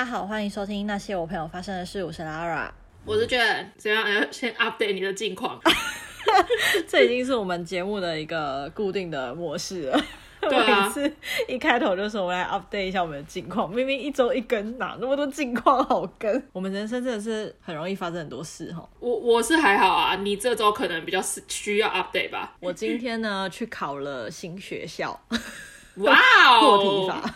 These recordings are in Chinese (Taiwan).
大、啊、家好，歡迎收聽那些我朋友發生的事。我是 Laura，我是卷。怎樣，先 update 你的近況。 這已經是我們節目的一個固定的模式了。對、啊、每次一開頭就說，我們來 update 一下我們的近況。明明一周一更、啊，哪那麼多近況好跟？我們人生真的是很容易發生很多事、哦、我我是還好啊，你這周可能比較需要 update 吧。我今天呢，去考了新學校。哇、wow! 破題法，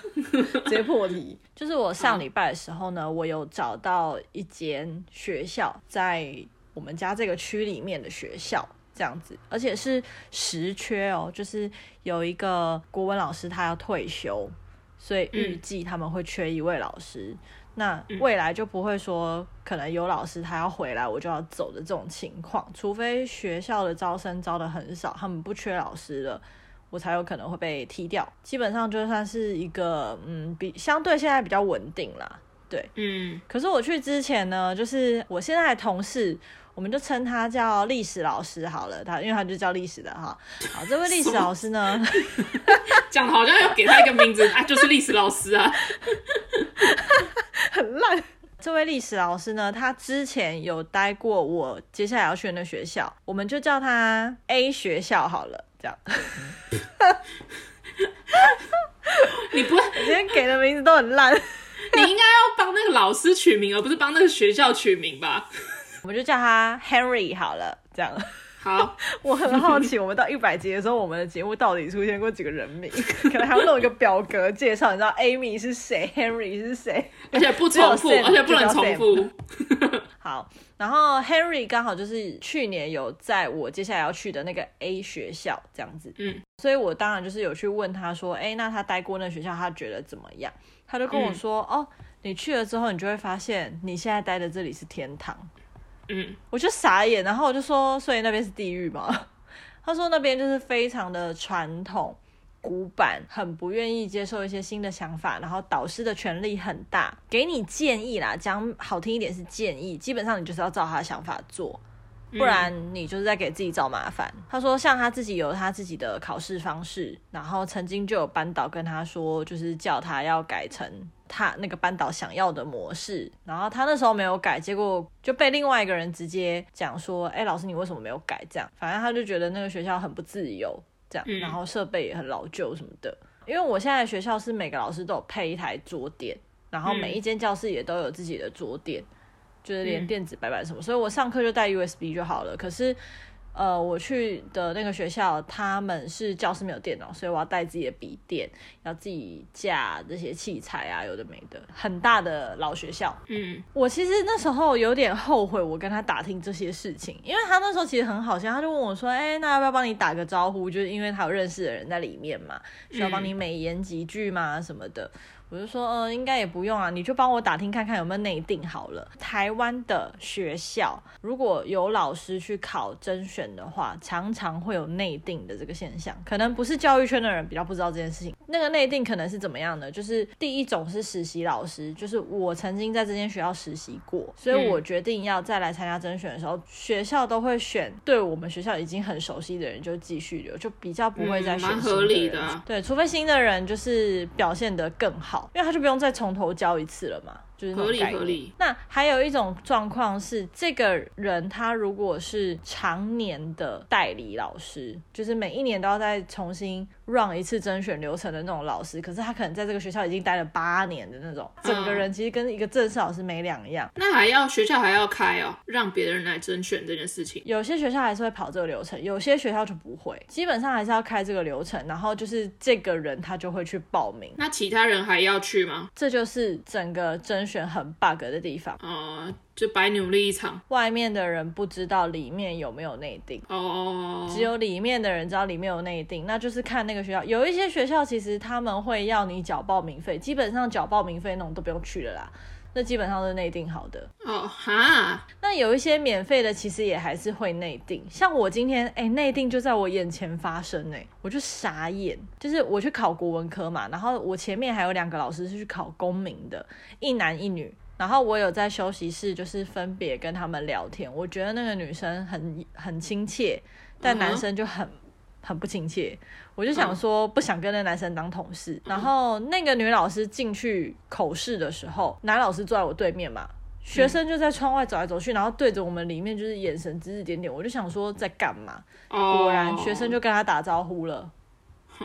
直接破題 就是我上禮拜的時候呢，我有找到一間學校，在我們家這個區裡面的學校，這樣子，而且是實缺哦、喔，就是有一個國文老師他要退休，所以預計他們會缺一位老師、嗯，那未來就不會說可能有老師他要回來我就要走的這種情況，除非學校的招生招得很少，他們不缺老師了。我才有可能會被踢掉，基本上就算是一個嗯，比相對現在比較穩定啦，對，嗯。可是我去之前呢，就是我現在的同事，我們就稱他叫歷史老師好了，他因為他就是教歷史的哈。好，這位歷史老師呢，講 好像要給他一個名字 啊，就是歷史老師啊， 很爛爛。 這位歷史老師呢，他之前有待過我接下來要去的學校，我們就叫他 A 學校好了。 你不，你今天給的名字都很爛 。你應該要幫那個老師取名，而不是幫那個學校取名吧？我們就叫他 Henry 好了，這樣。好， 我很好奇，我們到一百集的時候，我們的節目到底出現過幾個人名？可能還要弄一個表格介紹，你知道 Amy 是誰，Henry 是誰，而且不重複， Sam, 而且不能重複。 好。然後 Henry 剛好就是去年有在我接下來要去的那個 A 學校這樣子，嗯，所以我當然就是有去問他說，哎，那他待過那個學校，他覺得怎麼樣？他就跟我說，嗯、哦，你去了之後，你就會發現你現在待的這裡是天堂，嗯，我就傻眼，然後我就說，所以那邊是地獄嗎？ 他說那邊就是非常的傳統。古板，很不願意接受一些新的想法。然後導師的權力很大，給你建議啦，講好聽一點是建議，基本上你就是要照他的想法做，不然你就是在給自己找麻煩。嗯。他說像他自己有他自己的考試方式，然後曾經就有班導跟他說，就是叫他要改成他那個班導想要的模式，然後他那時候沒有改，結果就被另外一個人直接講說，哎，欸，老師你為什麼沒有改？這樣，反正他就覺得那個學校很不自由。這樣，然後設備也很老舊什麼的，嗯。因為我現在學校是每個老師都有配一台桌電，然後每一間教室也都有自己的桌電，嗯，就是連電子白板什麼，嗯，所以我上課就帶 USB 就好了。可是。呃，我去的那個學校，他們是教室沒有電腦，所以我要帶自己的筆電，要自己架這些器材啊，有的沒的，很大的老學校。嗯，我其實那時候有點後悔，我跟他打聽這些事情，因為他那時候其實很好笑，他就問我說：“哎，那要不要幫你打個招呼？就是因為他有認識的人在裡面嘛，需要幫你美言幾句嘛什麼的。”我就說，嗯，應該也不用啊，你就幫我打聽看看有沒有內定好了。台灣的學校如果有老師去考甄選的話，常常會有內定的這個現象，可能不是教育圈的人比較不知道這件事情。那個內定可能是怎麼樣的？就是第一種是實習老師，就是我曾經在這間學校實習過，所以我決定要再來參加甄選的時候，學校都會選對我們學校已經很熟悉的人就繼續留，就比較不會再選新的人。嗯，蠻合理的啊。對，除非新的人就是表現得更好。因為他就不用再從頭教一次了嘛，就是合理合理。那還有一種狀況是，這個人他如果是長年的代理老師，就是每一年都要再重新。讓一次甄選流程的那種老師，可是他可能在這個學校已經待了八年的那種，整個人其實跟一個正式老師沒兩樣，嗯。那還要學校還要開哦，讓別人來甄選這件事情。有些學校還是會跑這個流程，有些學校就不會。基本上還是要開這個流程，然後就是這個人他就會去報名。那其他人還要去嗎？這就是整個甄選很 bug 的地方啊。嗯就白努力一場，外面的人不知道裡面有沒有內定哦，oh. 只有裡面的人知道裡面有內定，那就是看那個學校，有一些學校其實他們會要你繳報名費，基本上繳報名費那種都不用去了啦，那基本上是內定好的哦哈。Oh, huh? 那有一些免費的，其實也還是會內定，像我今天欸，內定就在我眼前發生哎、欸，我就傻眼，就是我去考國文科嘛，然後我前面還有兩個老師是去考公民的，一男一女。然後我有在休息室，就是分別跟他們聊天。我覺得那個女生很很親切，但男生就很很不親切。我就想說，不想跟那男生當同事。嗯。然後那個女老師進去口試的時候，男老師坐在我對面嘛，學生就在窗外走來走去，然後對着我們裡面就是眼神指指點點。我就想說，在幹嘛？果然，學生就跟他打招呼了。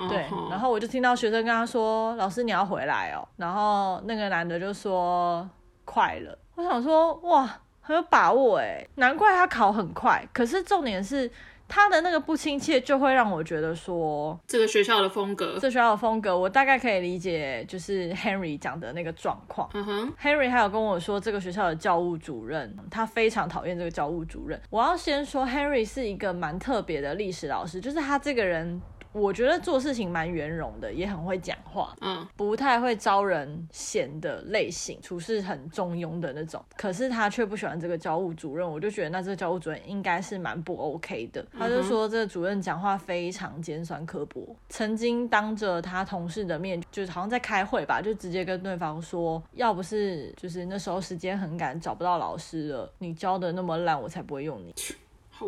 對，然後我就聽到學生跟他說：“老師，你要回來哦。”然後那個男的就說。快了，我想說，哇，很有把握，誒，難怪他考很快。可是重點是他的那個不親切，就會讓我覺得說這個學校的風格，這學校的風格我大概可以理解，就是 Henry 講的那個狀況。嗯哼，Henry 還有跟我說這個學校的教務主任，他非常討厭這個教務主任。我要先說 Henry 是一個蠻特別的歷史老師，就是他這個人。我覺得做事情蠻圓融的，也很會講話，嗯，不太會招人嫌的類型，處事很中庸的那種。可是他卻不喜歡這個教務主任，我就覺得那這個教務主任應該是蠻不 OK 的。他就說這個主任講話非常尖酸刻薄，嗯、曾經當着他同事的面，就好像在開會吧，就直接跟對方說，要不是就是那時候時間很趕，找不到老師了，你教的那麼爛，我才不會用你。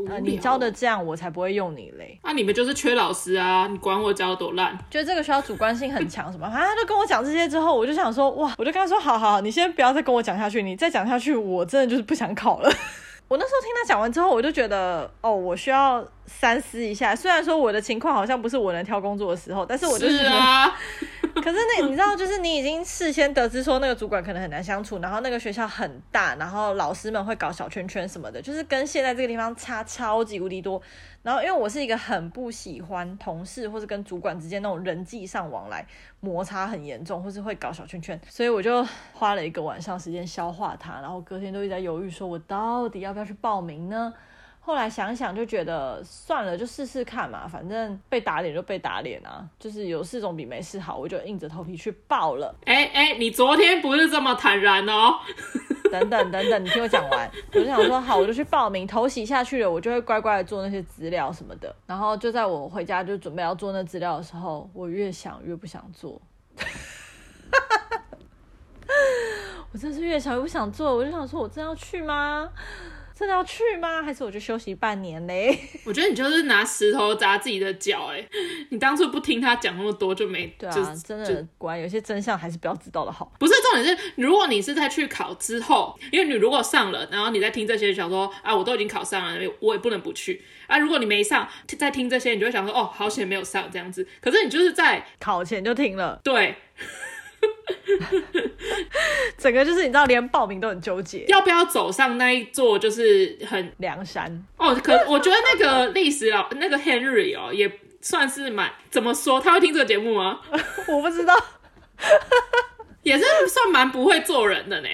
啊、你教的這樣，我才不會用你嘞。那、啊、你們就是缺老師啊！你管我教多爛，覺得這個學校主觀性很強什麼、啊？他就跟我講這些之後，我就想說，哇，我就跟他說，好好好，你先不要再跟我講下去，你再講下去，我真的就是不想考了。 我那時候聽他講完之後，我就覺得，哦，我需要三思一下。雖然說我的情況好像不是我能挑工作的時候，但是我就是、啊。可是那你知道，就是你已經事先得知說那個主管可能很難相處，然後那個學校很大，然後老師們會搞小圈圈什麼的，就是跟現在這個地方差超級無敵多。然後因為我是一個很不喜歡同事或是跟主管之間那種人際上往來摩擦很嚴重，或是會搞小圈圈，所以我就花了一個晚上時間消化它，然後隔天都一直在猶豫說我到底要不要去報名呢？後來想想就覺得算了，就試試看嘛，反正被打臉就被打臉啊，就是有試總比沒試好，我就硬着頭皮去報了。哎、欸、哎、欸，你昨天不是這麼坦然哦？ 等等等等，你聽我講完。我就想說，好，我就去報名頭洗下去了，我就會乖乖的做那些資料什麼的。然後就在我回家就準備要做那資料的時候，我越想越不想做。 我真是越想越不想做，我就想說，我真要去嗎？真的要去嗎？還是我就休息半年嘞？我覺得你就是拿石頭砸自己的腳。哎、欸！你當初不聽他講那麼多就、啊，就沒對啊？真的，果然有些真相還是不要知道的好。不是重點是，如果你是在去考之後，因為你如果上了，然後你在聽這些，想說啊，我都已經考上了，我也不能不去啊。如果你沒上，再聽這些，你就會想說哦，好險沒有上這樣子。可是你就是在考前就聽了，對。 整個就是你知道，連報名都很糾結，要不要走上那一座就是很梁山哦？可我覺得那個歷史老 那個 Henry 哦，也算是蠻，怎麼說，他會聽這個節目嗎？ 我不知道， 也是算蠻不會做人的呢。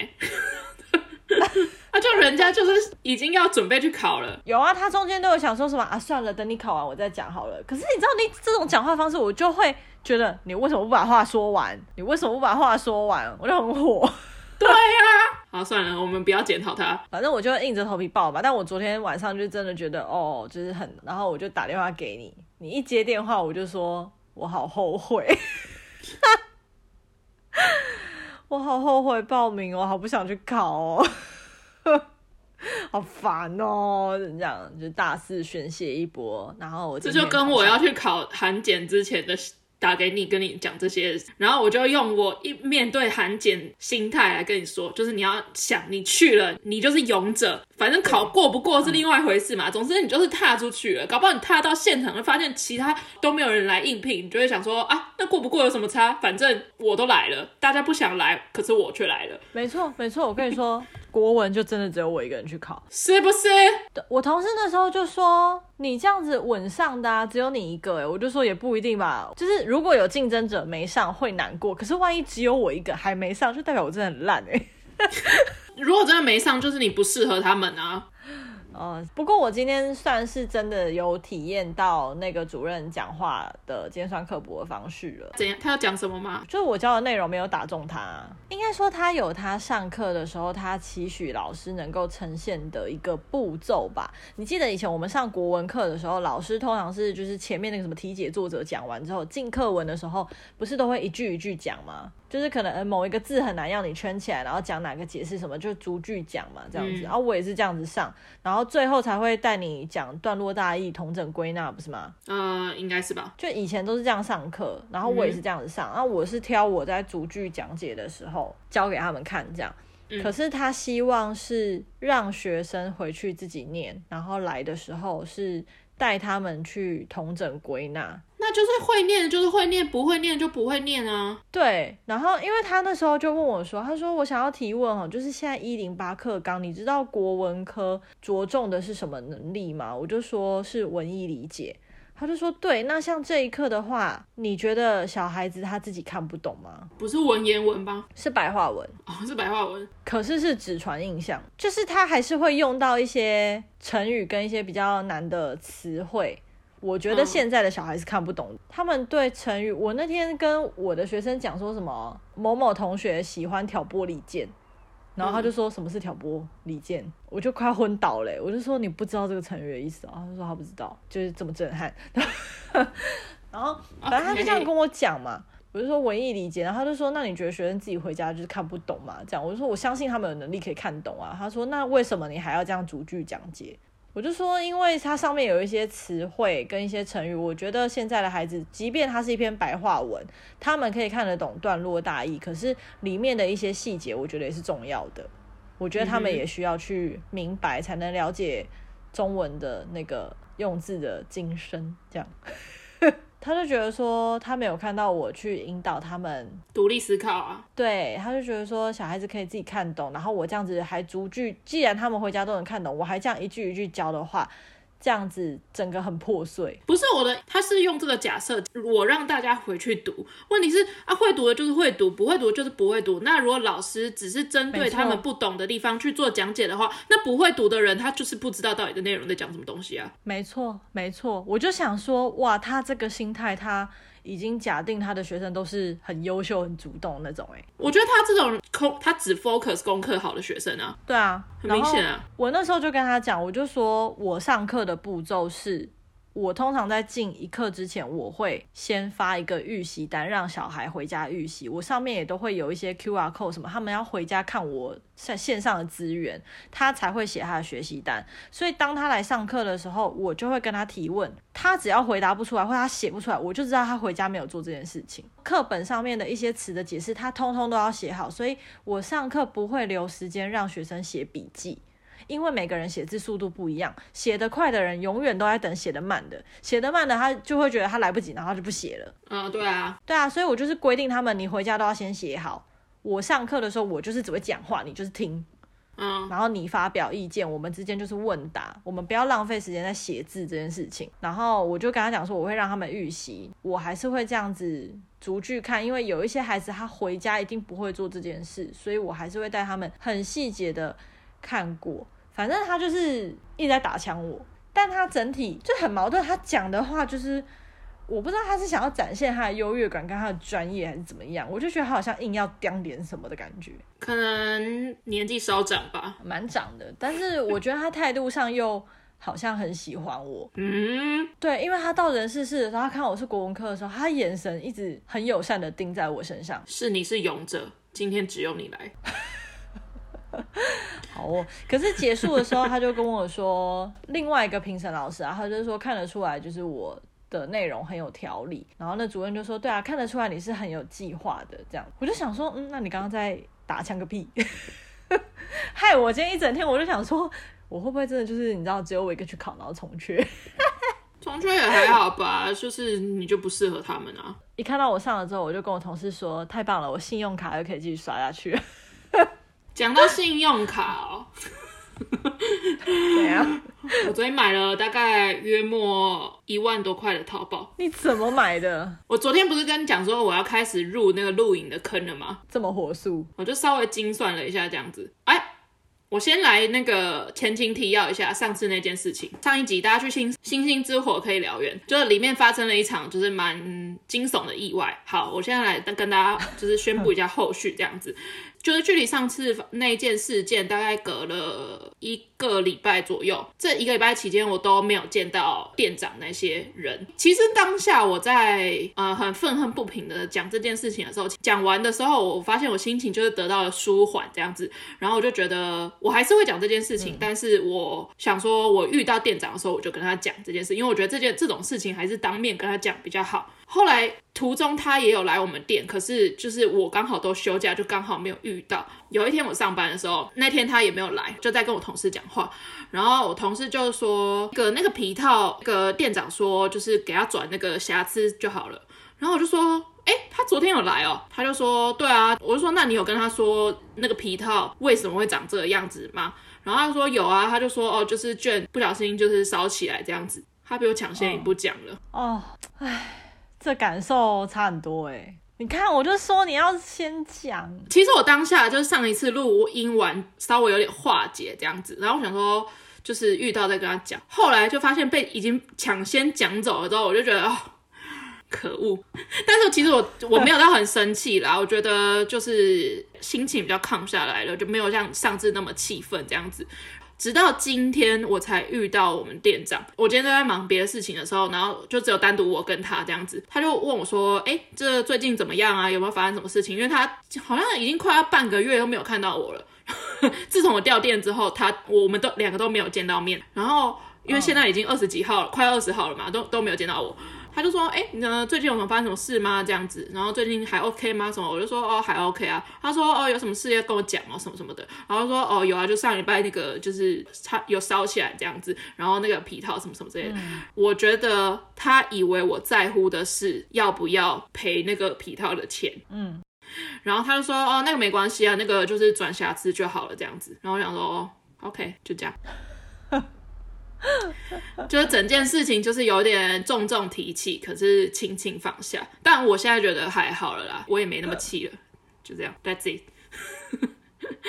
那、啊、就人家就是已經要準備去考了。有啊，他中間都有想說什麼啊，算了，等你考完我再講好了。可是你知道，你這種講話方式，我就會覺得你為什麼不把話說完？你為什麼不把話說完？我就很火。對呀、啊。 好，算了，我們不要檢討他。反正我就硬着頭皮報吧。但我昨天晚上就真的覺得哦，就是很，然後我就打電話給你，你一接電話我就說，我好後悔， 我好後悔報名哦，我好不想去考哦。 好煩哦、喔，這樣就大肆宣洩一波，然後我這就跟我要去考寒檢之前的打給你，跟你講這些，然後我就用我一面對寒檢心態來跟你說，就是你要想，你去了，你就是勇者，反正考過不過是另外一回事嘛。總之你就是踏出去了，搞不好你踏到現場就發現其他都沒有人來應聘，你就會想說啊，那過不過有什麼差？反正我都來了，大家不想來，可是我卻來了。沒錯，沒錯，我跟你說。 國文就真的只有我一個人去考，是不是？我同事那時候就說：“你這樣子穩上的啊，只有你一個。”哎，我就說也不一定吧。就是如果有競爭者沒上，會難過。可是萬一只有我一個還沒上，就代表我真的很爛欸。 如果真的沒上，就是你不適合他們啊。嗯，不過我今天算是真的有體驗到那個主任講話的尖酸刻薄的方式了。怎樣？他要講什麼嗎？就是我教的內容沒有打中他啊。應該說他有他上課的時候他期許老師能夠呈現的一個步驟吧。你記得以前我們上國文課的時候，老師通常是就是前面那個什麼題解作者講完之後，進課文的時候，不是都會一句一句講嗎？就是可能某一個字很難讓你圈起來，然後講哪個解釋什麼，就逐句講嘛，這樣子，嗯。然後我也是這樣子上，然後最後才會帶你講段落大意、同整歸納，不是嗎？呃，應該是吧。就以前都是這樣上課，然後我也是這樣子上。嗯、然後我是挑我在逐句講解的時候教給他們看這樣，嗯，可是他希望是讓學生回去自己念，然後來的時候是。帶他們去統整歸納，那就是會念就是會念，不會念就不會念啊。對，然後因為他那時候就問我說，他說我想要提問哦，就是現在一零八課綱，你知道國文科着重的是什麼能力嗎？我就說是文意理解。他就說：“對，那像這一課的話，你覺得小孩子他自己看不懂嗎？不是文言文吧？是白話文哦，oh, 是白話文。可是是紙船印象，就是他還是會用到一些成語跟一些比較難的詞彙。我覺得現在的小孩子看不懂，oh. 他們對成語。我那天跟我的學生講說什麼，某某同學喜歡挑撥離間。”然後他就說什麼是挑撥離間，我就快昏倒嘞！我就說，你不知道這個成語的意思啊？他就說他不知道，就是這麼震撼。然後，okay. 然後反正他就這樣跟我講嘛，我就說文藝離間，然後他就說，那你覺得學生自己回家就是看不懂嘛？這樣，我就說我相信他們有能力可以看懂啊。他說那為什麼你還要這樣逐句講解？我就說，因為它上面有一些詞彙跟一些成語，我覺得現在的孩子，即便它是一篇白話文，他們可以看得懂段落大意，可是裡面的一些細節，我覺得也是重要的。我覺得他們也需要去明白，才能了解中文的那個用字的精深，這樣。他就覺得說，他沒有看到我去引導他們獨立思考啊。對，他就覺得說，小孩子可以自己看懂，然後我這樣子還逐句，既然他們回家都能看懂，我還這樣一句一句教的話。這樣子整個很破碎，不是我的，他是用這個假設，我讓大家回去讀。問題是啊，會讀的就是會讀，不會讀的就是不會讀。那如果老師只是針對他們不懂的地方去做講解的話，那不會讀的人他就是不知道到底的內容在講什麼東西啊。沒錯，沒錯，我就想說哇，他這個心態他。已經假定他的學生都是很優秀、很主動那種哎、欸，我覺得他這種空，他只 focus 功課好的學生啊。對啊，很明顯啊。我那時候就跟他講，我就說我上課的步驟是。我通常在進一課之前，我會先發一個預習單，讓小孩回家預習。我上面也都會有一些 QR code，什麼，他們要回家看我在線上的資源，他才會寫他的學習單。所以當他來上課的時候，我就會跟他提問。他只要回答不出來，或他寫不出來，我就知道他回家沒有做這件事情。課本上面的一些詞的解釋，他通通都要寫好。所以我上課不會留時間讓學生寫筆記。因為每個人寫字速度不一樣，寫得快的人永遠都在等寫得慢的，寫得慢的他就會覺得他來不及，然後就不寫了。嗯，對啊，對啊，所以我就是規定他們，你回家都要先寫好。我上課的時候我就是只會講話，你就是聽，嗯，然後你發表意見，我們之間就是問答，我們不要浪費時間在寫字這件事情。然後我就跟他講說，我會讓他們預習，我還是會這樣子逐句看，因為有一些孩子他回家一定不會做這件事，所以我還是會帶他們很細節的看過。反正他就是一直在打槍我，但他整體就很矛盾。他講的話就是，我不知道他是想要展現他的優越感跟他的專業，還是怎麼樣。我就覺得他好像硬要刁點什麼的感覺。可能年紀稍長吧，蠻長的。但是我覺得他態度上又好像很喜歡我。嗯，對，因為他到人事室的時候，他看我是國文課的時候，他眼神一直很友善地盯在我身上。是，你是勇者，今天只有你來。 好，可是結束的時候，他就跟我說 另外一個評審老師啊，他就是說看得出來就是我的內容很有條理，然後那主任就說，對啊，看得出來你是很有計劃的這樣。我就想說，嗯，那你剛剛在打槍個屁， 害我今天一整天我就想說，我會不會真的就是你知道，只有我一個去考，然後從缺， 從缺也還好吧，就是你就不適合他們啊。 一看到我上了之後，我就跟我同事說，太棒了，我信用卡又可以繼續刷下去了。講到信用卡，哦，我昨天買了大概約莫一萬多塊的淘寶，你怎麼買的？我昨天不是跟你講說我要開始入那個錄影的坑了嗎？這麼火速，我就稍微精算了一下，這樣子。哎，我先來那個前情提要一下上次那件事情。上一集大家去《星星星之火可以燎原》，就是裡面發生了一場就是蠻驚悚的意外。好，我現在來跟大家就是宣布一下後續這樣子。就是距離上次那件事件，大概隔了一個禮拜左右，這一個禮拜期間，我都沒有見到店長那些人。其實當下我在呃很憤恨不平的講這件事情的時候，講完的時候，我發現我心情就是得到了舒緩，這樣子。然後我就覺得我還是會講這件事情，嗯，但是我想說我遇到店長的時候，我就跟他講這件事，因為我覺得這件這種事情還是當面跟他講比較好。後來途中他也有來我們店，可是就是我剛好都休假，就剛好沒有遇到。有一天我上班的時候，那天他也沒有來，就在跟我同事講。話，然後我同事就說，個那個皮套，個店長說就是給他轉那個瑕疵就好了。然後我就說，哎，他昨天有來哦？他就說，對啊。我就說，那你有跟他說那個皮套為什麼會長這個樣子嗎？然後他就說有啊，他就說，哦，就是捲不小心就是燒起來這樣子。他比我搶先一步講了哦，哎、哦，這感受差很多哎。你看，我就說你要先講。其實我當下就是上一次錄音完，稍微有點化解這樣子，然後我想說就是遇到再跟他講，後來就發現被已經搶先講走了之後，我就覺得哦，可惡。但是其實我我沒有到很生氣啦， 我覺得就是心情比較 calm 下來了，就沒有像上次那麼氣憤這樣子。直到今天我才遇到我們店長，我今天都在忙別的事情的時候，然後就只有單獨我跟他這樣子，他就問我說：“哎、欸，這最近怎麼樣啊？有沒有發生什麼事情？”因為他好像已經快要半個月都沒有看到我了。 自從我掉店之後，他我們都，我們都兩個都沒有見到面。然後因為現在已經二十幾號了，Oh. 快二十號了嘛，都都沒有見到我。他就說：“哎、欸，你呢最近有什麼發生什麼事嗎？這樣子，然後最近還 OK 嗎？什麼？”我就說：“哦，還 OK 啊。”他說：“哦，有什麼事要跟我講哦，什麼什麼的。”然後就說：“哦，有啊，就上禮拜那個，就是它有燒起來這樣子，然後那個皮套什麼什麼這些。嗯”我覺得他以為我在乎的是要不要賠那個皮套的錢。嗯，然後他就說：“哦，那個沒關係啊，那個就是轉瑕疵就好了這樣子。”然後我想說：“哦，OK，就這樣。” 就整件事情就是有點重重提起，可是輕輕放下。但我現在覺得還好了啦，我也沒那麼氣了，就這樣。That's it。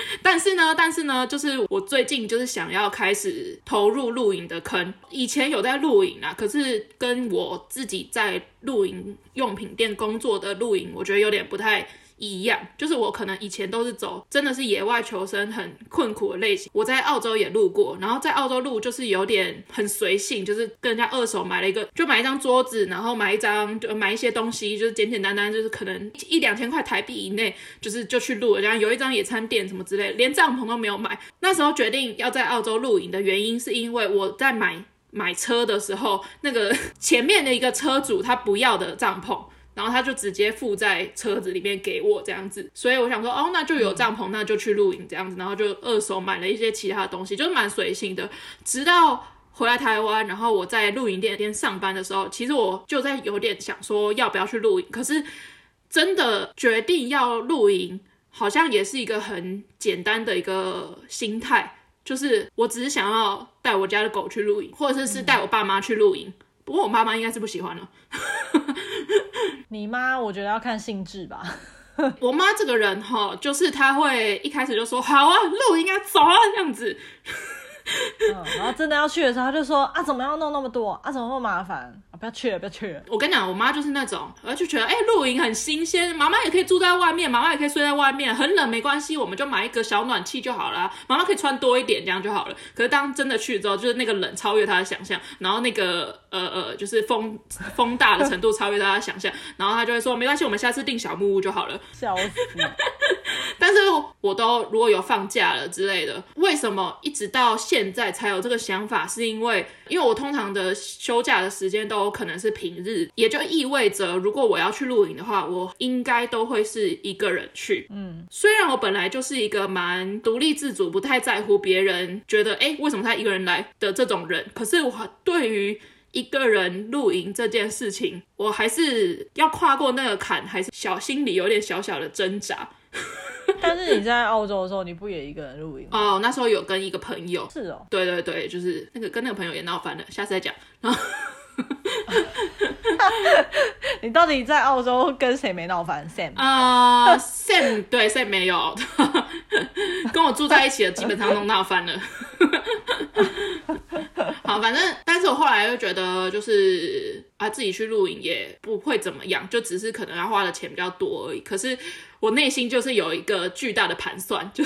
但是呢，但是呢，就是我最近就是想要開始投入露營的坑。以前有在露營啊，可是跟我自己在露營用品店工作的露營，我覺得有點不太一樣，就是我可能以前都是走，真的是野外求生很困苦的類型。我在澳洲也露過，然後在澳洲露就是有點很隨性，就是跟人家二手買了一個，就買一張桌子，然後買一張，就買一些東西，就是簡簡單單，就是可能一，一兩千塊台幣以內，就是就去露，然後有一張野餐墊什麼之類，連帳篷都沒有買。那時候決定要在澳洲露營的原因，是因為我在買買車的時候，那個前面的一個車主他不要的帳篷。然後他就直接附在車子裡面給我這樣子，所以我想說，哦，那就有帳篷，那就去露營這樣子，然後就二手買了一些其他的東西，就是蠻隨性的。直到回來台灣，然後我在露營店那邊上班的時候，其實我就在有點想說要不要去露營，可是真的決定要露營，好像也是一個很簡單的一個心態，就是我只是想要帶我家的狗去露營，或者是是帶我爸媽去露營，不過我媽媽應該是不喜歡了。 你媽，我覺得要看性質吧。 我媽這個人哈、哦，就是她會一開始就說：“好啊，錄音啊，走啊，這樣子。 ” 嗯、然後真的要去的時候，他就說啊，怎麼要弄那麼多啊，怎麼那麼麻煩？啊，不要去了，不要去了。我跟你講，我媽就是那種，我就覺得，哎、欸，露營很新鮮，媽媽也可以住在外面，媽媽也可以睡在外面，很冷沒關係，我們就買一個小暖氣就好了，媽媽可以穿多一點，這樣就好了。可是當真的去之後，就是那個冷超越她的想象，然後那個呃呃，就是風風大的程度超越她的想象， 然後她就會說，沒關係，我們下次訂小木屋就好了。笑死！ 但是我，我都如果有放假了之類的，為什麼一直到現。現在才有這個想法，是因為因為我通常的休假的時間都可能是平日，也就意味着如果我要去露營的話，我應該都會是一個人去。嗯，雖然我本來就是一個蠻獨立自主、不太在乎別人覺得，欸，為什麼他一個人來的這種人，可是我對於一個人露營這件事情，我還是要跨過那個坎，還是小心裡有點小小的掙扎。 但是你在澳洲的時候，你不也一個人露營嗎？哦，那時候有跟一個朋友。是哦。對對對，就是那個跟那個朋友也鬧翻了，下次再講。然後 你到底在澳洲跟誰沒鬧翻？Sam。啊、嗯、 ，Sam，對 Sam 沒有。 跟我住在一起的基本上都鬧翻了。 好，反正，但是我後來又覺得，就是啊自己去露營也不會怎麼樣，就只是可能要花的錢比較多而已。可是。我內心就是有一個巨大的盤算，就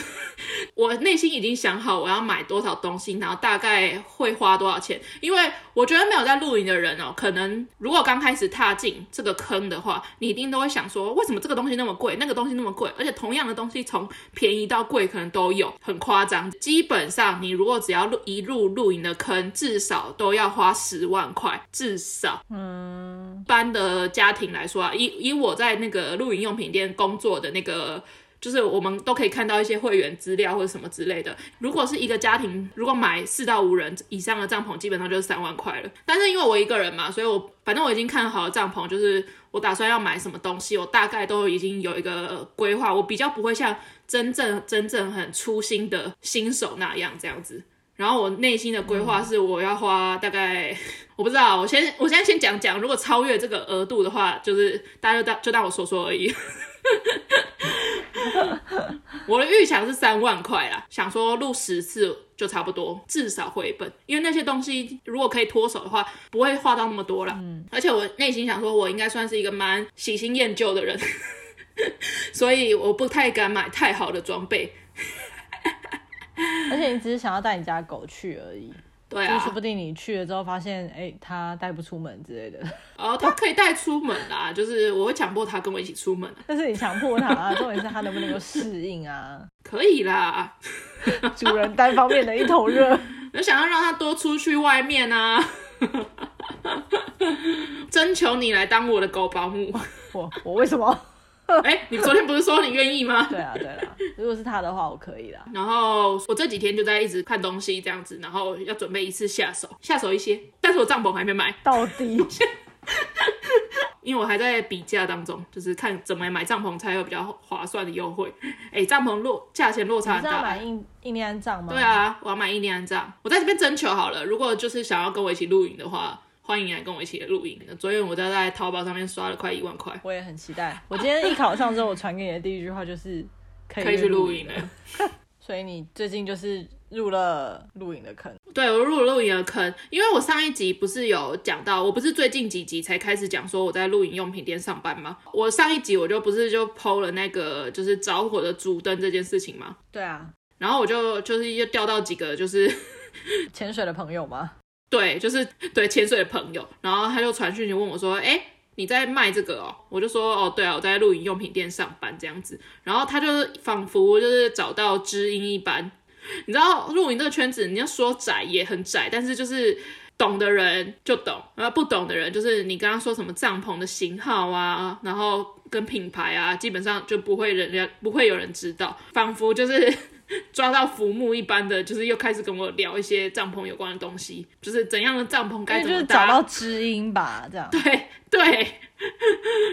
我內心已經想好我要買多少東西，然後大概會花多少錢。因為我覺得沒有在露營的人哦、喔，可能如果剛開始踏進這個坑的話，你一定都會想說，為什麼這個東西那麼貴，那個東西那麼貴，而且同樣的東西從便宜到貴可能都有很誇張。基本上，你如果只要一入露營的坑，至少都要花十萬塊，至少嗯，一般的家庭來說啊，以以我在那個露營用品店工作的的那個就是我們都可以看到一些會員資料或者什麼之類的。如果是一個家庭，如果買四到五人以上的帳篷，基本上就是三萬塊了。但是因為我一個人嘛，所以我反正我已經看好了帳篷，就是我打算要買什麼東西，我大概都已經有一個規劃。我比較不會像真正真正很粗心的新手那樣這樣子。然後我內心的規劃是，我要花大概，嗯、我不知道，我先我現在先講講，如果超越這個額度的話，就是大家就當就當我說說而已。 我的預想是三萬塊啦，想說錄十次就差不多，至少回本。因為那些東西如果可以脫手的話，不會花到那麼多啦嗯。而且我內心想說，我應該算是一個蠻喜新厭舊的人， 所以我不太敢買太好的裝備。而且你只是想要帶你家狗去而已，對、啊、就是、說不定你去了之後發現，哎、欸，它帶不出門之類的。哦，它可以帶出門啦，就是我會強迫它跟我一起出門。但是你強迫它、啊，重 點是它能不能夠適應啊？可以啦， 主人單方面的一頭熱，我想要讓它多出去外面啊，徵 求你來當我的狗保姆。 我我為什麼？哎、 欸，你昨天不是說你願意嗎？ 對啊，對啊。如果是他的話，我可以啦。 然後我這幾天就在一直看東西這樣子，然後要準備一次下手，下手一些。但是我帳篷還沒買。到底？ 因為我還在比價當中，就是看怎麼買帳篷才有比較划算的優惠。哎、欸，帳篷落，價錢落差很大。你要買印印第安帳嗎？對啊，我要買印第安帳。我在這邊徵求好了，如果就是想要跟我一起露營的話。歡迎來跟我一起露營。昨天我在在淘寶上面刷了快一萬塊。我也很期待。我今天一考上之後，我傳給你的第一句話就是可以去露營了。 所以你最近就是入了露營的坑。對，我入了露營的坑，因為我上一集不是有講到，我不是最近幾集才開始講說我在露營用品店上班嗎？我上一集我就不是就剖了那個就是着火的主燈這件事情嗎？對啊。然後我就就是又調到幾個就是潛水的朋友嘛。對，就是對千歲的朋友，然後他就傳訊息問我說：“哎，你在賣這個哦？”我就說：“哦，對啊，我在露營用品店上班這樣子。”然後他就仿佛就是找到知音一般。你知道露營這個圈子，你要說窄也很窄，但是就是懂的人就懂，然後不懂的人就是你剛剛說什麼帳篷的型號啊，然後跟品牌啊，基本上就不會人家不會有人知道，仿佛就是。抓到浮木一般的就是又開始跟我聊一些帳篷有關的東西，就是怎樣的帳篷該怎麼搭。就是找到知音吧，這樣。對對，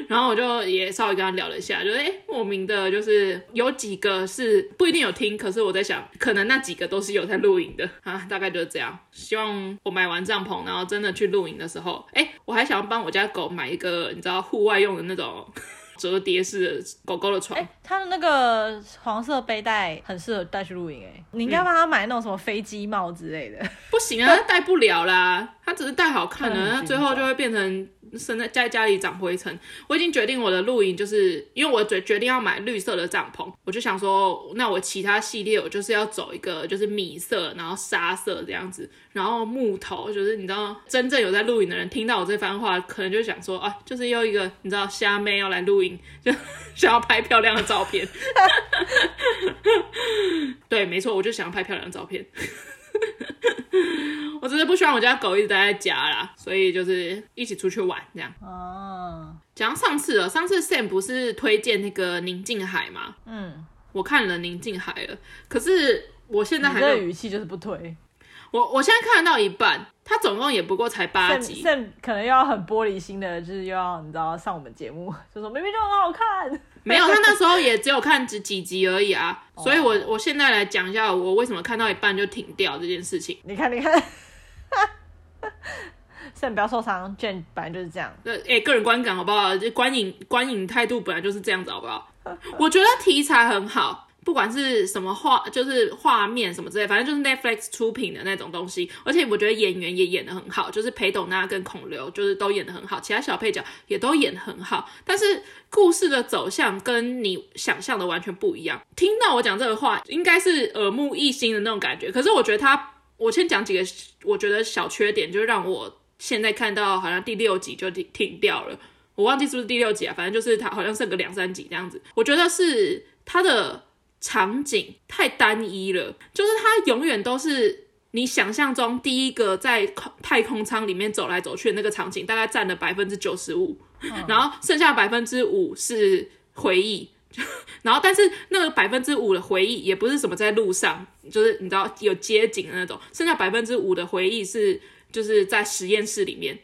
然後我就也稍微跟他聊了一下，就哎莫名的就是有幾個是不一定有聽，可是我在想可能那幾個都是有在露營的啊，大概就是這樣。希望我買完帳篷，然後真的去露營的時候，哎，我還想要幫我家狗買一個你知道戶外用的那種。折疊式的狗狗的床、欸，哎，它的那個黃色背帶很適合帶去露營、欸，哎、嗯，你應該幫他買那種什麼飛機帽之類的，不行啊，他戴不了啦， 他只是戴好看的、啊，那最後就會變成。省得在家裡長灰塵。我已經決定我的露營。就是因為我決決定要買綠色的帳篷，我就想說，那我其他系列我就是要走一個就是米色，然後沙色這樣子，然後木頭，就是你知道，真正有在露營的人聽到我這番話，可能就想說啊，就是又一個你知道，蝦妹要來露營，就想要拍漂亮的照片。 對，沒錯，我就想要拍漂亮的照片。 我真的不喜歡我家狗一直待在家啦，所以就是一起出去玩這樣。哦，講上次了、喔，上次 Sam 不是推薦那個寧靜海嗎？嗯，我看了寧靜海了，可是我現在還。你的語氣就是不推。我我現在看到一半，他總共也不過才八集。Sam 可能又要很玻璃心的，就是又要你知道上我們節目，就說明明就很好看。沒有，他那時候也只有看幾幾集而已啊。 所以我，我我現在來講一下，我為什麼看到一半就停掉這件事情。你看，你看 ，Sam 不要受傷。Jen 本來就是這樣。對，哎，個人觀感好不好？這觀影觀影態度本來就是這樣子好不好？ 我覺得題材很好。不管是什麼畫，就是畫面什麼之類，反正就是 Netflix 出品的那種東西，而且我覺得演員也演得很好，就是裴斗娜跟孔劉就是都演得很好，其他小配角也都演得很好，但是故事的走向跟你想象的完全不一樣。聽到我講這個話，應該是耳目一新的那種感覺。可是我覺得他，我先講幾個我覺得小缺點，就讓我現在看到好像第六集就停掉了，我忘記是不是第六集啊，反正就是他好像剩個兩三集這樣子。我覺得是他的。場景太單一了，就是它永遠都是你想象中第一個在太空艙裡面走來走去的那個場景，大概佔了百分之九十五，然後剩下百分之五是回憶，然後但是那個百分之五的回憶也不是什麼在路上，就是你知道有街景的那種，剩下百分之五的回憶是就是在實驗室裡面。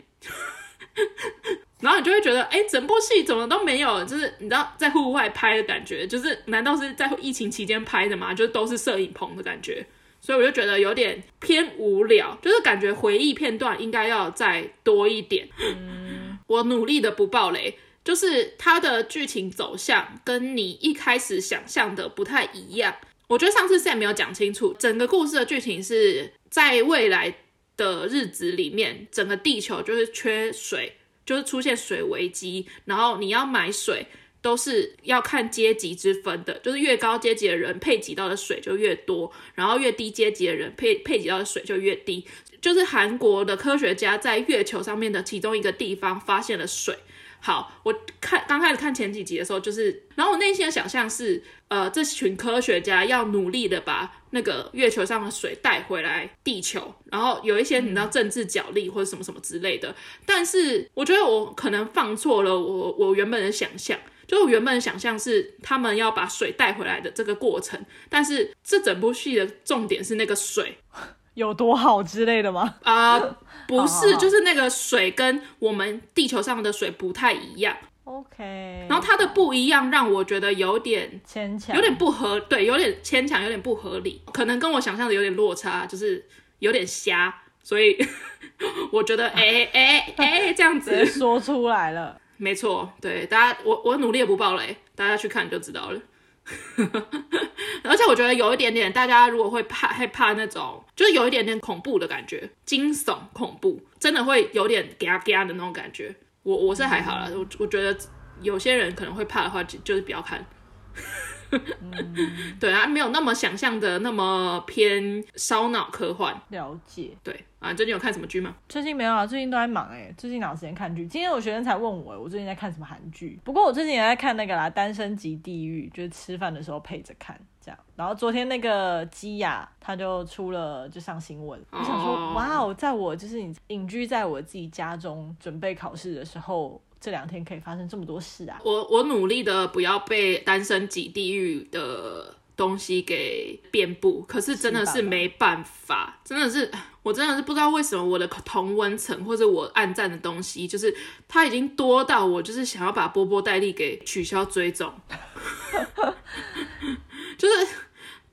然後你就會覺得，哎，整部戲怎麼都沒有，就是你知道在戶外拍的感覺，就是難道是在疫情期間拍的嗎？就都是攝影棚的感覺，所以我就覺得有點偏無聊，就是感覺回憶片段應該要再多一點。嗯、我努力的不爆雷，就是它的劇情走向跟你一開始想象的不太一樣。我覺得上次是沒有講清楚，整個故事的劇情是在未來的日子裡面，整個地球就是缺水。就是出現水危機，然後你要買水都是要看階級之分的，就是越高階級的人配給到的水就越多，然後越低階級的人配配給到的水就越低。就是韓國的科學家在月球上面的其中一個地方發現了水。好，我看剛開始看前幾集的時候，就是，然後我內心的想象是，呃，這群科學家要努力的把那個月球上的水帶回來地球，然後有一些你知道政治角力或者什麼什麼之類的。但是我覺得我可能放錯了我，我我原本的想象，就是我原本的想象是他們要把水帶回來的這個過程，但是這整部戲的重點是那個水。有多好之類的嗎？啊、 呃，不是好好好，就是那個水跟我們地球上的水不太一樣。OK，然後它的不一樣讓我覺得有點牽強，有點不合，對，有點牽強，有點不合理，可能跟我想象的有點落差，就是有點瞎，所以 我覺得哎哎哎，這樣子 說出來了，沒錯，對，大家，我我努力也不爆雷，大家去看就知道了。 而且我覺得有一點點，大家如果會怕害怕那種，就是有一點點恐怖的感覺，驚悚恐怖，真的會有點嘎嘎的那種感覺。我我是還好啦，我我覺得有些人可能會怕的話，就是不要看。 嗯，對啊，沒有那麼想象的那麼偏燒腦科幻。了解，對啊。最近有看什麼劇嗎？最近沒有啊，最近都在忙哎、欸。最近哪有時間看劇？今天有學生才問我、欸，我最近在看什麼韓劇。不過我最近也在看那個啦，《單身即地獄》，就是，吃飯的時候配着看這樣。然後昨天那個基亞他就出了，就上新聞、哦。我想說，哇哦，在我就是你隱居在我自己家中準備考試的時候。這兩天可以發生這麼多事啊！我我努力的不要被單身即地獄的東西給遍布，可是真的是沒辦法，真的是我真的是不知道為什麼我的同溫層或者我按讚的東西，就是它已經多到我就是想要把波波黛莉給取消追蹤， 就是。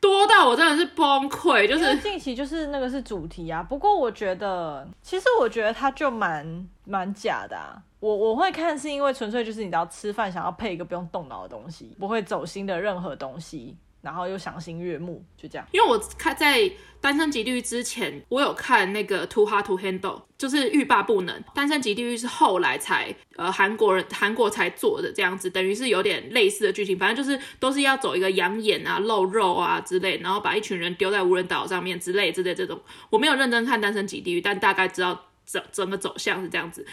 多到我真的是崩潰，就是近期就是那個是主題啊。不過我覺得，其實我覺得它就蠻蠻假的啊。我我會看是因為純粹就是你知道，吃飯想要配一個不用動腦的東西，不會走心的任何東西。然後又賞心悅目，就這樣。因為我看在《單身即地獄》之前，我有看那個《Too Hot to Handle》，就是欲罷不能。《單身即地獄》是後來才，呃，韓國人韓國才做的這樣子，等於是有點類似的劇情。反正就是都是要走一個養眼啊、露肉啊之類，然後把一群人丟在無人島上面之類之類這種。我沒有認真看《單身即地獄》，但大概知道整整個走向是這樣子。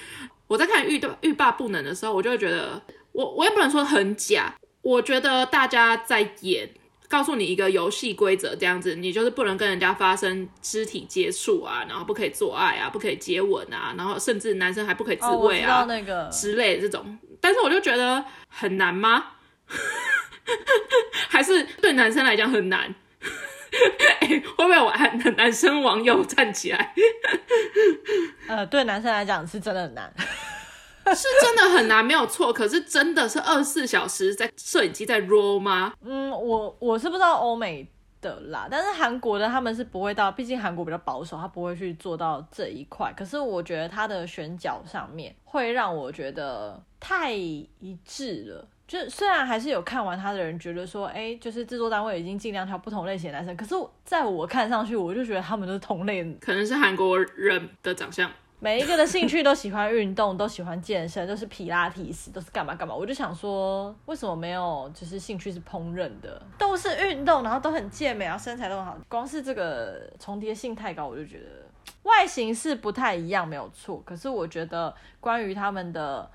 我在看欲《欲欲罷不能》的時候，我就會覺得，我我也不能說很假，我覺得大家在演。告訴你一個遊戲規則，這樣子你就是不能跟人家發生肢體接觸啊，然後不可以做愛啊，不可以接吻啊，然後甚至男生還不可以自慰啊，哦知道那個、之類的這種。但是我就覺得很難嗎？ 還是對男生來講很難？ 欸、會不會我男生網友站起來 呃？對男生來講是真的很難。 是真的很難，沒有錯。可是真的是二十四小時在攝影機在 roll 嗎？嗯，我我是不知道歐美的啦，但是韓國的他們是不會到，畢竟韓國比較保守，他不會去做到這一塊。可是我覺得他的選角上面會讓我覺得太一致了。就雖然還是有看完他的人覺得說，哎、欸，就是制作單位已經盡量挑不同類型的男生，可是在我看上去，我就覺得他們都是同類，可能是韓國人的長相。每一個的興趣都喜歡運動， 都喜歡健身，都是皮拉提斯，都是幹嘛幹嘛。我就想說，為什麼沒有就是興趣是烹飪的？都是運動，然後都很健美，啊，然後身材都很好。光是這個重疊性太高，我就覺得外形是不太一樣，沒有錯。可是我覺得關於他們的。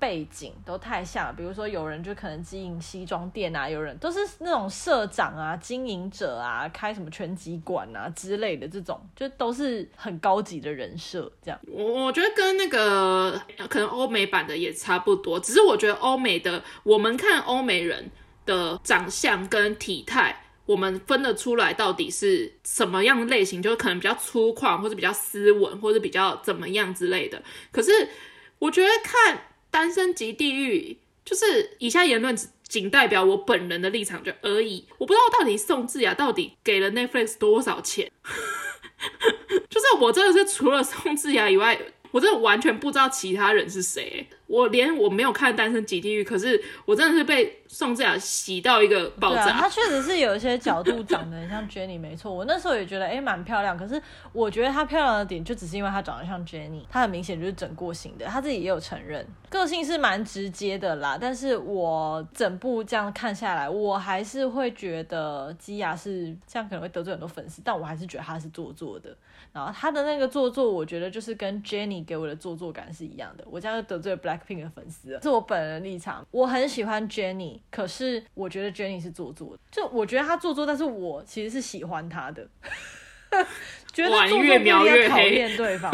背景都太像，比如說有人就可能經營西裝店啊，有人都是那種社長啊、經營者啊，開什麼拳擊館啊之類的這種，就都是很高級的人設。這樣，我我覺得跟那個可能歐美版的也差不多，只是我覺得歐美的我們看歐美人的長相跟體態，我們分得出來到底是什麼樣的類型，就是可能比較粗獷，或者比較斯文，或者比較怎麼樣之類的。可是我覺得看。單身即地獄，就是以下言論只僅代表我本人的立場就而已。我不知道到底宋智雅到底給了 Netflix 多少錢， 就是我真的是除了宋智雅以外。我真的完全不知道其他人是誰。欸，我連我沒有看《單身即地獄》，可是我真的是被宋智雅洗到一個爆炸。對啊，她確實是有一些角度長得很像 Jenny， 沒錯，我那時候也覺得哎，欸、蠻漂亮。可是我覺得她漂亮的點就只是因為她長得像 Jenny，她很明顯就是整過型的，她自己也有承認。個性是蠻直接的啦，但是我整部這樣看下來，我還是會覺得基雅是這樣可能會得罪很多粉絲，但我還是覺得她是做作的。然後他的那個做作，我覺得就是跟 Jenny 給我的做作感是一樣的。我這樣得罪了 Blackpink 的粉絲，是我本人立場。我很喜歡 Jenny，可是我覺得 Jenny 是做作的，就我覺得他做作，但是我其實是喜歡他的。 覺得做作考驗玩越描越黑，對方。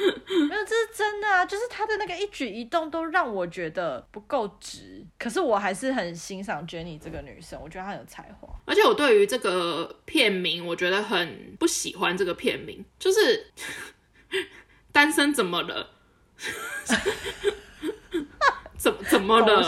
沒有，這是真的啊！就是她的那個一舉一動都讓我覺得不夠值，可是我還是很欣賞 Jenny 這個女生，嗯、我覺得她很有才華。而且我對於這個片名，我覺得很不喜歡這個片名，就是 單身怎麼了？ 怎麼了？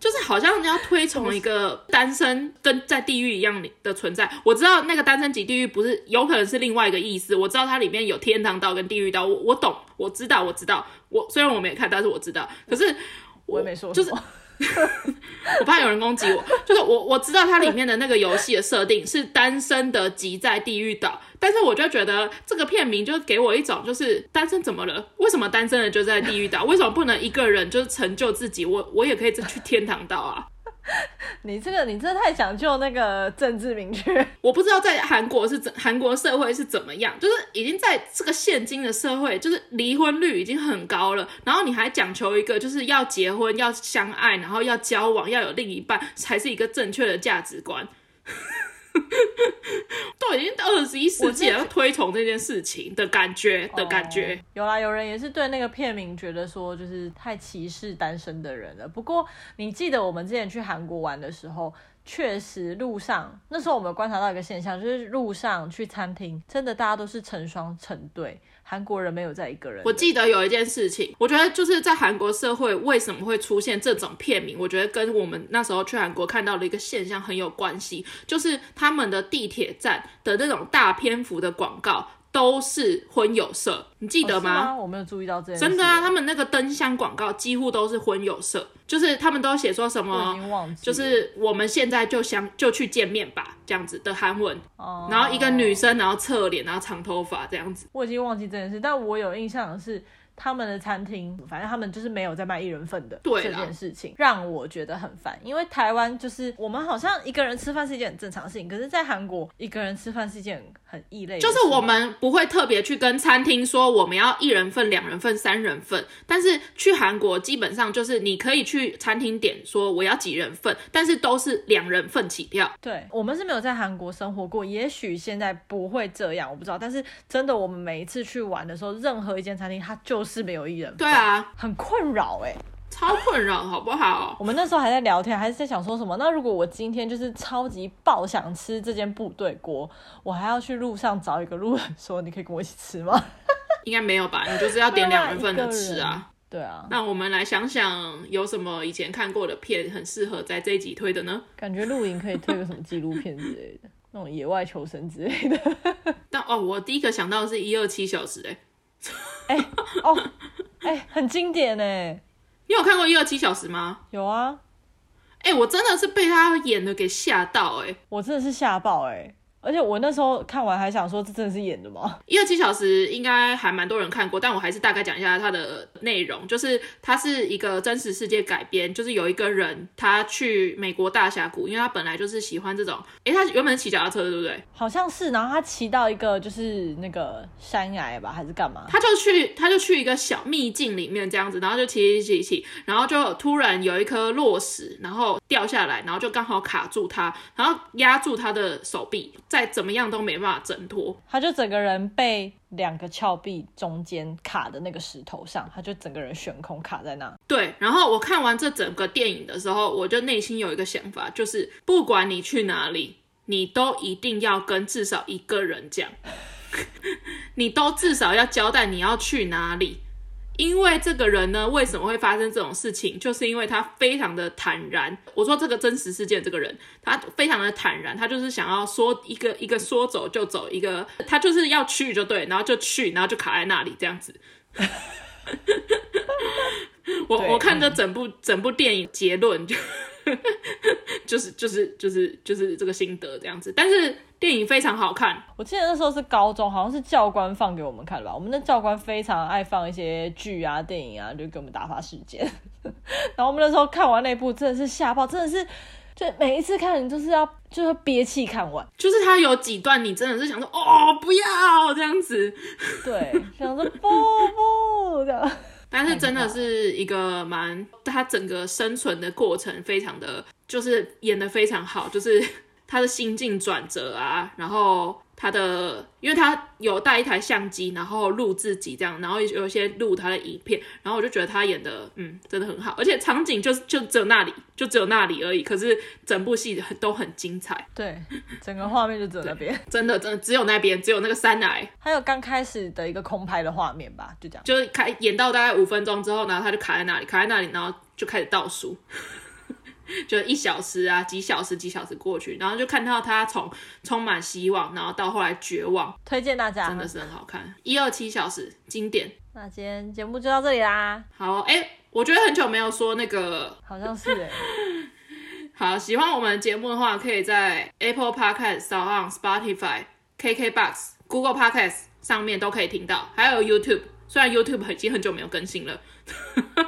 就是好像人家推崇一個單身跟在地獄一樣的存在。我知道那個單身即地獄不是有可能是另外一個意思。我知道它裡面有天堂島跟地獄島，我我懂，我知道，我知道。我雖然我沒看，但是我知道。可是我，是我也沒說，就是。 我怕有人攻擊我，就是我我知道它裡面的那個遊戲的設定是單身的即在地獄島，但是我就覺得這個片名就給我一種就是單身怎麼了？為什麼單身的就在地獄島？為什麼不能一個人就成就自己？我我也可以去天堂島啊。你這個，你這太講究那個政治明確。我不知道在韓國是怎，韓國社會是怎麼樣，就是已經在這個現今的社會，就是離婚率已經很高了，然後你還講求一個就是要結婚、要相愛，然後要交往、要有另一半，才是一個正確的價值觀。 都 已經到二十一世紀，要推崇這件事情的感覺的感覺。Oh, 有啦，有人也是對那個片名覺得說，就是太歧視單身的人了。不過，你記得我們之前去韓國玩的時候。確實，路上那時候我們觀察到一個現象，就是路上去餐廳，真的大家都是成雙成對，韓國人沒有在一個人。我記得有一件事情，我覺得就是在韓國社會為什麼會出現這種片名，我覺得跟我們那時候去韓國看到的一個現象很有關係，就是他們的地鐵站的那種大篇幅的廣告。都是婚友社，你記得嗎、哦、嗎？我沒有注意到這件事。真的啊，他們那個燈箱廣告幾乎都是婚友社，就是他們都寫說什麼，就是我們現在就相就去見面吧這樣子的韓文、哦。然後一個女生，然後側臉，然後長頭髮這樣子。我已經忘記這件事，但我有印象的是。他們的餐廳，反正他們就是沒有在賣一人份的這件事情，對啊，讓我覺得很煩。因為台灣就是我們好像一個人吃飯是一件很正常的事情，可是，在韓國一個人吃飯是一件很異類。就是我們不會特別去跟餐廳說我們要一人份、兩人份、三人份，但是去韓國基本上就是你可以去餐廳點說我要幾人份，但是都是兩人份起跳。對，我們是沒有在韓國生活過，也許現在不會這樣，我不知道。但是真的，我們每一次去玩的時候，任何一間餐廳它就是。是沒有，藝人對啊，對，很困擾哎、欸，超困擾，好不好？ 我們那時候還在聊天，還是在想說什麼。那如果我今天就是超級爆，想吃這間部隊鍋，我還要去路上找一個路人說，你可以跟我一起吃嗎？ 應該沒有吧，你就是要點兩人份的吃啊。 對啊，那我們來想想有什麼以前看過的片很適合在這一集推的呢？感覺露營可以推個什麼紀錄片之類的， 那種野外求生之類的。但 哦，我第一個想到的是一二七小時哎、欸。 哎、 欸、哦，哎、欸，很經典呢、欸。你有看過《一二七小時》嗎？有啊。哎、欸，我真的是被他演的給嚇到、欸，哎，我真的是嚇爆、欸，哎。而且我那時候看完還想說，這真的是演的嗎？《一二七小時》應該還蠻多人看過，但我還是大概講一下它的內容。就是它是一個真實世界改編，就是有一個人他去美國大峽谷，因為他本來就是喜歡這種。哎、欸，他原本是騎腳踏車，對不對？好像是。然後他騎到一個就是那個山崖吧，還是幹嘛？他就去，他就去一個小秘境裡面這樣子，然後就騎騎騎騎，然後就突然有一顆落石，然後掉下來，然後就剛好卡住他，然後壓住他的手臂。再怎麼樣都沒辦法掙脫，他就整個人被兩個峭壁中間卡的那個石頭上，他就整個人懸空卡在那。對，然後我看完這整個電影的時候，我就內心有一個想法，就是不管你去哪裡，你都一定要跟至少一個人講， 你都至少要交代你要去哪裡。因為這個人呢，為什麼會發生這種事情？就是因為他非常的坦然。我說這個真實事件，這個人他非常的坦然，他就是想要說一個一個說走就走，一個他就是要去就對，然後就去，然後就卡在那裡這樣子。 我我看的整部、嗯、整部電影，結論就。 就是就是就是就是這個心得這樣子，但是電影非常好看。我記得那時候是高中，好像是教官放給我們看了吧。我們的教官非常愛放一些劇啊、電影啊，就給我們打發時間。 然後我們那時候看完那部，真的是嚇爆，真的是，就每一次看你就是要就是憋氣看完。就是他有幾段你真的是想說哦，不要這樣子， 對，想說不不這樣。但是真的是一個蠻，他整個生存的過程非常的就是演的非常好，就是。他的心境轉折啊，然後他的，因為他有帶一台相機，然後錄自己這樣，然後有一些錄他的影片，然後我就覺得他演的，嗯，真的很好，而且場景就是就只有那裡，就只有那裡而已，可是整部戲都很都很精彩，對，整個畫面就只有那邊，真的真的只有那邊，只有那個山崖，還有剛開始的一個空拍的畫面吧，就這樣，就是開演到大概五分鐘之後，然後他就卡在那裡，卡在那裡，然後就開始倒數。就一小時啊，幾小時，幾小時過去，然後就看到他從充滿希望，然後到後來絕望。推薦大家，真的是很好看。一二七小時，經典。那今天節目就到這裡啦。好，哎、欸，我覺得很久沒有說那個，好像是、欸、 好，喜歡我們節目的話，可以在 Apple Podcast、SoundOn Spotify、KK Box、Google Podcast 上面都可以聽到，還有 YouTube。雖然 YouTube 已經很久沒有更新了。